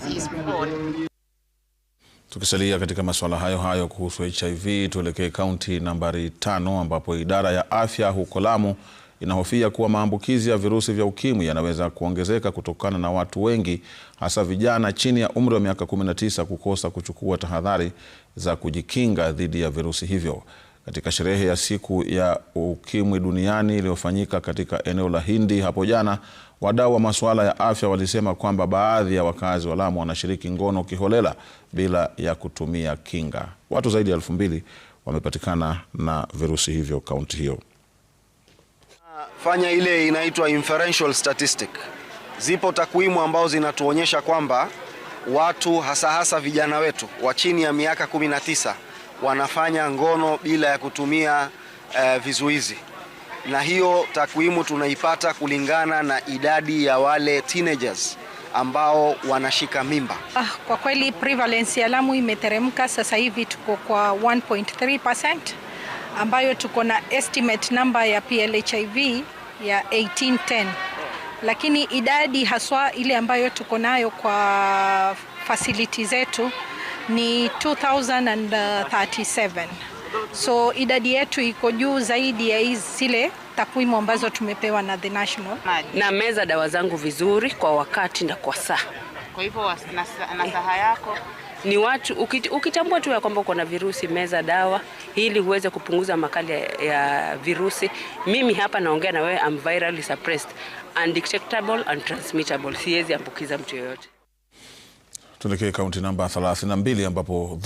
with Tukisalia katika masuala hayo hayo kuhusu HIV, tuelekee kaunti nambari tano ambapo idara ya afya huko Lamu inahofia kuwa maambukizi ya virusi vya ukimwi yanaweza kuongezeka kutokana na watu wengi hasa vijana chini ya umri wa miaka 19 kukosa kuchukua tahadhari za kujikinga dhidi ya virusi hivyo katika sherehe ya siku ya ukimwi duniani iliyofanyika katika eneo la Hindi hapo jana, wadau wa masuala ya afya walisema kwamba baadhi ya wakazi wa Lamu wanashiriki ngono kiholela bila ya kutumia kinga. Watu zaidi ya elfu mbili wamepatikana na virusi hivyo kaunti hiyo. Fanya ile inaitwa inferential statistic. Zipo takwimu ambazo zinatuonyesha kwamba watu hasa hasa vijana wetu wa chini ya miaka 19 wanafanya ngono bila ya kutumia eh, vizuizi, na hiyo takwimu tunaipata kulingana na idadi ya wale teenagers ambao wanashika mimba. Ah, kwa kweli prevalence ya Lamu imeteremka sasa hivi tuko kwa 1.3% ambayo tuko na estimate number ya PLHIV ya 1810 lakini idadi haswa ile ambayo tuko nayo kwa fasiliti zetu ni 2037 so idadi yetu iko juu zaidi ya hizi zile takwimu ambazo tumepewa na the national. Na meza dawa zangu vizuri kwa wakati na kwa saa. Kwa hivyo na saha yako ni watu ukitambua tu ya kwamba uko na virusi, meza dawa ili uweze kupunguza makali ya virusi. Mimi hapa naongea na wewe, am virally suppressed, undetectable and transmittable, siwezi ambukiza mtu yoyote. Tuelekee kaunti namba 32 ambapo